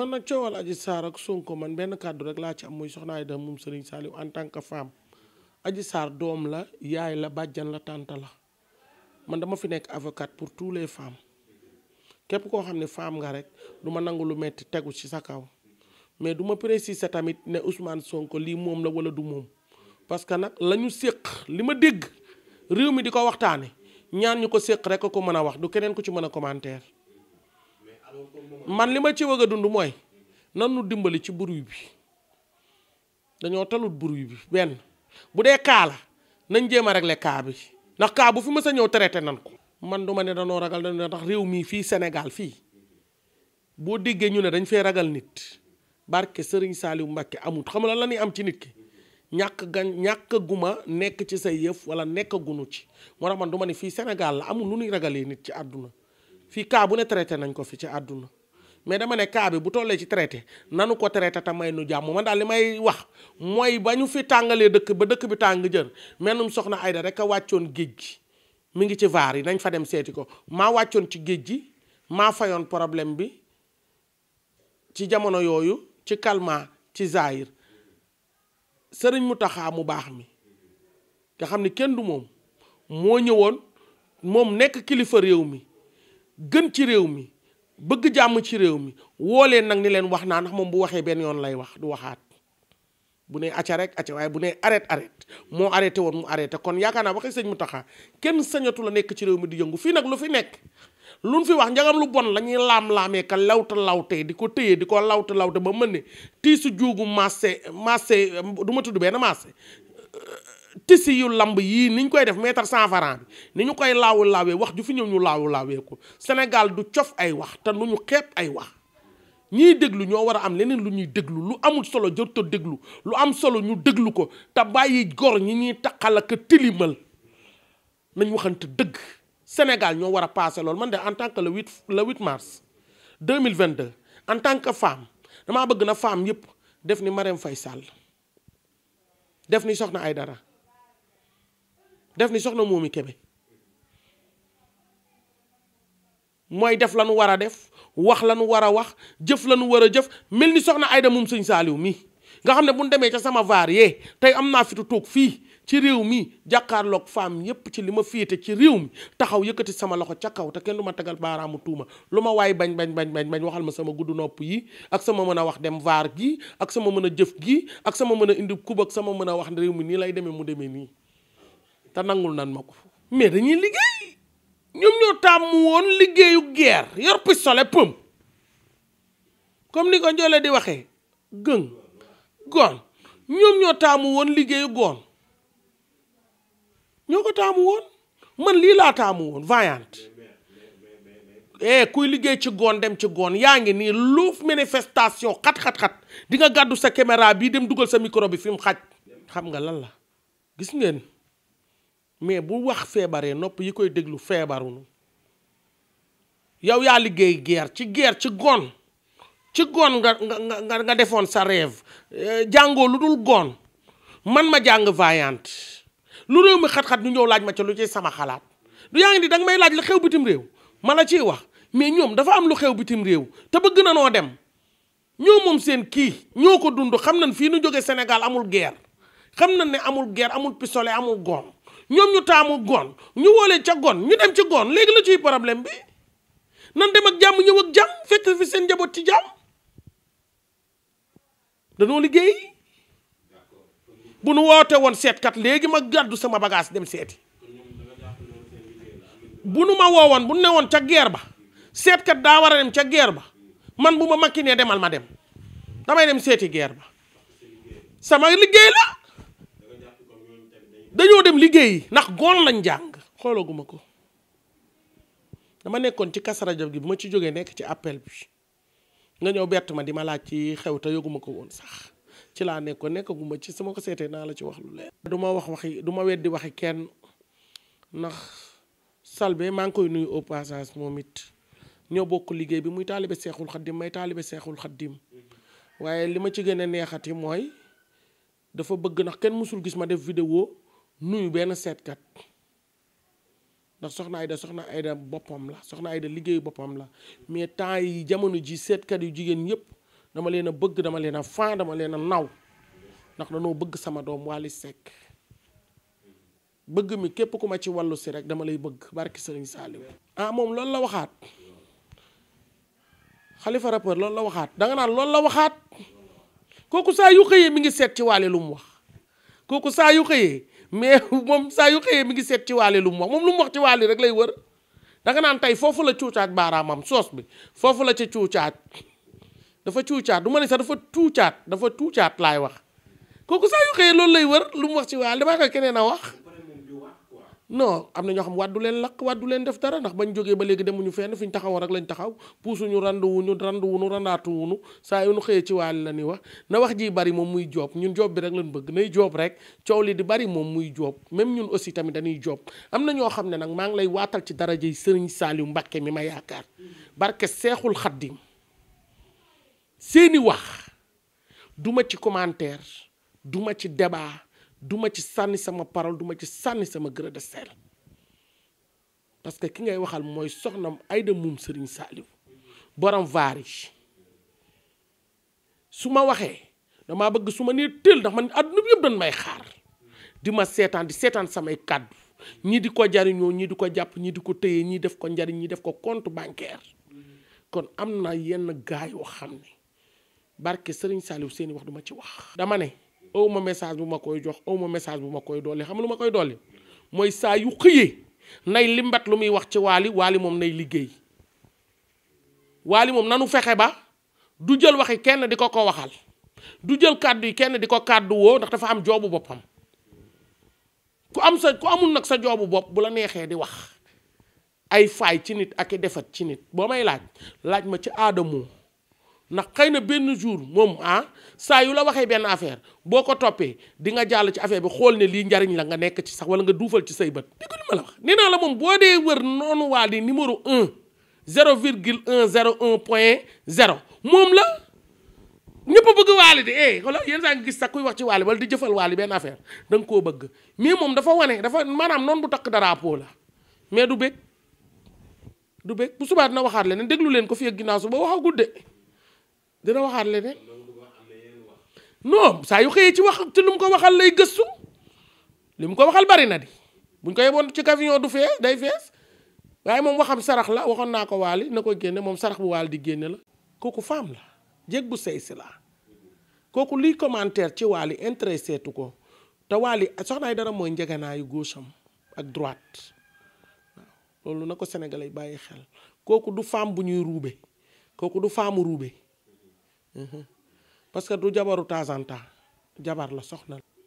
man nag coowal Adji saar ak Sonko man benn kàddu rek laa ci am muy soxna Aïda moom Serigne Saliou en tant que femme Adji Sarr doom la yaay la bàjjan la tànta la man dama fi nekk avocate pour tous les femmes képp koo xam ne femme nga rek du ma nangu lu metti tegu ci sa kaw mais du ma préciser tamit ne Ousmane Sonko lii moom la wala du moom parce que nag la ñu séq li ma dégg réew mi di ko waxtaane ñaan ñu ko séq rek ko mën a wax du keneen ku ci mën a commentaire man li ma ci wëgg a dund mooy nan dimbali ci bruit bi dañoo talut bruit bi benn bu dee kaala nañ jéem a régler kaa bi ndax kaa bu fi mës a ñëw traité nan ko man du ma ne danoo ragal dañoo tax réew mii fii Sénégal fii boo déggee ñu ne dañ fee ragal nit barke Serigne Saliou Mbacke amut xam la lañuy am ci nit ñàkk gan ñàkk guma nekk ci say yëf wala nekk ci moo man du ne fii Sénégal la amul lu ñuy ragalee nit ci àdduna fii kaa bu ne traité nañ ko fi ci àdduna mais dama ne cas bi bu tollee ci traité nanu ko traité te may nu jàmm man daal li may wax mooy ba ñu fi tàngalee dëkk ba dëkk bi tàng jër mennum soxna Aida rek a wàccoon géej gi mi ngi ci vaar yi nañ fa dem seeti ko maa wàccoon ci géej gi maa fayoon problème bi ci jamono yooyu ci kalma ci Zahir sëriñ mu taxaa mu baax mi nga xam ni kenn du moom moo ñëwoon moom nekk kilifa réew mi gën ci réew mi bëgg jàmm ci réew mi woo leen nag ni leen wax naa ndax bu waxee benn yoon lay wax du waxaat bu ne acca rek acca waaye bu ne arrête arrête moo arrêté woon mu arrêté kon yaakaar naa waxee sëñ mu taxaa kenn sañatu la nekk ci réew mi di yëngu fii nag lu fi nekk lu fi wax njagam lu bon la ñuy laam-laamee ka lawta lawtee di ko téyee di ko lawta lawte ba mën ne tiisu juugu maase maase du ma tudd benn maase tisi yu lamb yii ñu koy def mètre cent franc bi ni ñu koy laawu laawee wax ju fi ñëw ñu laawu laawee ko senegal du cof ay wax te lu ñu xeeb ay wax ñiy déglu ñoo war a am leneen lu ñuy déglu lu amul solo jërta déglu lu am solo ñu déglu ko te bàyyi gor ñi ñuy taqal ak tilimal nañ waxante dëgg Sénégal ñoo war a passé loolu man de en tant que le 8 le 8 mars 2022 en tant que femme damaa bëgg na femme yëpp def ni Marème fay Sall def ni Soxna Aïdara def ni soxna moomi kebe mooy def lanu war a def wax lanu war a wax jëf lanu war a jëf mel ni soxna Ayda moom sëñ Saaliw mii nga xam ne bu ñu demee ca sama vaar yee tey am naa fitu toog fii ci réew mi jàkkaarloog femme yépp ci li ma féete ci réew mi taxaw yëkkati sama loxo ca kaw te kenn du ma tegal baaraamu tuuma lu ma waay bañ bañ bañ bañ waxal ma sama gudd nopp yi ak sama mën a wax dem vaar gi ak sama mën a jëf gii ak sama mën a indi kub ak sama mën a wax réew mi nii lay demee mu demee nii te nangul nan ma ko mais dañuy liggéey ñoom ñoo taamu woon liggéeyu guerre yor pistolet pëm comme ni ko Ndiolé di waxee gën goon ñoom ñoo taamu woon liggéeyu goon ñoo ko taamu woon man lii laa taamu woon vaillante eh kuy liggéey ci goon dem ci goon yaa ngi nii lu manifestation xat-xat-xat di nga gàddu sa caméra bii dem dugal sa micro bi fi mu xaj xam nga lan la gis ngeen mais bu wax feebaree nopp yi koy déglu feebarunu yow yaa liggéey guerre ci guerre ci goon ci goon nga nga nga defoon sa rêve euh, jàngoo lu dul goon man ma jàng vaillante lu réew mi xat-xat ñu ñëw laaj ma ci lu ci sama xalaat du yaa ngi di danga may laaj la xew bitim réew ma la ciy wax mais ñoom dafa am lu xew bitim réew te bëgg na noo dem ñoo moom seen kii ñoo ko dund xam nañ fii nu jóge Sénégal amul guerre xam na ne amul guerre amul pistolet amul goon ñoom ñu taamu goon ñu woolee ca goon ñu dem ci goon léegi la ciy problème bi nan dem ak jàmm ñëw ak jàmm fekk fi seen njaboot ci jàmm danoo liggéey bu nu woote woon seetkat léegi ma gàddu sama bagage dem seeti bu nu ma woowoon bu nu ne woon ca geer ba seetkat daa war a dem ca geer ba man bu ma makki ne demal ma dem damay dem seeti geer ba sama liggéey la liggéey liggéeyi ndax goon lañ jàng xoolaguma ko dama nekkoon ci kas rajo bi bu ma ci jógee nekk ci appel bi nga ñëw bett ma di ma laaj ci xew te yëguma ko woon sax ci laa nekkoon nekkaguma ci sama ko seetee naa la ci wax lu leer. du ma wax waxi du ma weddi waxi kenn ndax Selbé maa ngi koy nuyu au passage moom it ñëw bokk liggéey bi muy taalibe seexul xaddim may taalibe seexul xaddim waaye li ma ci gën a neexati mooy dafa bëgg ndax kenn mësul gis ma def vidéo nuyu benn seetkat ndax soxna Aida soxna Aida boppam la soxna Aida liggéeyu boppam la mais temps yi jamono ji seetkat yu jigéen yëpp dama leen bëgg dama leen a faa dama leen a naw ndax danoo bëgg sama doom Wally Seck bëgg mi képp ku ma ci wàllu si rek dama lay bëgg barki Sëriñ Saaliw ah moom loolu la waxaat xalifa rappeur loolu la waxaat danga naan loolu la waxaat kooku saa yu xëyee mi ngi seet ci Wally lu mu wax kooku saa yu xëyee mais moom saa yu xëyee mi ngi seet ci waale lu mu wax moom lu mu wax ci waale rek lay wër danga naan tey foofu la cuucaat baaraamam soos bi foofu la ca cuucaat dafa cuucaat du ma ne sax dafa tuucaat dafa tuucaat laay wax kooku saa yu xëyee loolu lay wër lu mu wax ci waale damaa koy keneen a wax non am na ñoo xam wàddu leen lakk wàddu leen def dara ndax bañ jógee ba léegi demuñu fenn fi ñu rek lañ taxaw puusuñu randu wuñu randu wuñu randaatu wuñu saa yu nu xëyee ci waali la ni wax na wax ji bari moom muy joob ñun joob bi rek bëgg nay joob rek coow li di bari moom muy joob même ñun aussi tamit dañuy joob am na ñoo xam ne nag maa ngi lay waatal ci darajey sëriñ yu Mbàkke mi ma yaakaar barke seexul xaddim seeni wax duma ci commentaire duma ci débat du ma ci sànni sama parole du ma ci sànni sama grain de sel parce que ki ngay waxal mooy soxnam Aida moom Serigne Saliou borom vaar yi su ma waxee damaa bëgg su ma nee tël ndax man àdduna bi yëpp dañ di ma seetaan di seetaan samay kàddu ñii di ko jariñoo ñii di ko jàpp ñii di ko téye ñii def ko njariñ ñi def ko compte bancaire kon am na yenn gaay yoo xam ne barke Serigne Saliou seeni wax duma ci wax dama ne aw ma message bu ma koy jox aw message bu ma koy dolli xam lu ma koy dolli mooy saa yu xëyee nay limbat lu muy wax ci waali waali moom nay liggéey waali moom nanu fexe ba du jël waxi kenn di ko ko waxal du jël kàddu yi kenn di ko kàddu woo ndax dafa am joobu boppam ku am sa ku amul nag sa joobu bopp bu la neexee di wax ay faay ci nit ak defat ci nit boo may laaj laaj ma ci aadamoo ndax xëy na benn jour moom ah saa yu la waxee benn affaire boo ko toppee di nga jàll ci affaire bi xool ne lii njariñ la nga nekk ci sax wala nga duufal ci say bët dégg li ma la wax nee naa la moom boo dee wër noonu waa li numéro un zéro virgule un zéro un point zéro moom la ñëpp bëgg waali di eh wala yéen saa ngi gis sax kuy wax ci waali wala di jëfal waali benn affaire da koo bëgg mais moom dafa wane dafa maanaam noonu bu takk drapeau la mais du bëgg du bëgg bu subaa dina waxaat déglu leen ko fi ak su ba waxagul de dina waxaat leneen non saa yu xëyee ci wax ci lu mu ko waxal lay gëstu li mu ko waxal bari na di buñ ko yeboon ci camion du fees day fees waaye moom waxam sarax la waxoon naa ko waali na ko génne moom sarax bu waal di génne la kooku femme la jéeg bu sëy si la kooku liy commentaire ci waali intéressé tu ko te waali soxnaay dara mooy njeganaayu gauche am ak droite loolu na ko sénégalais bàyyi xel kooku du femme bu ñuy ruube kooku du femme ruube parce que du jabaru temps en temps jabar la soxna la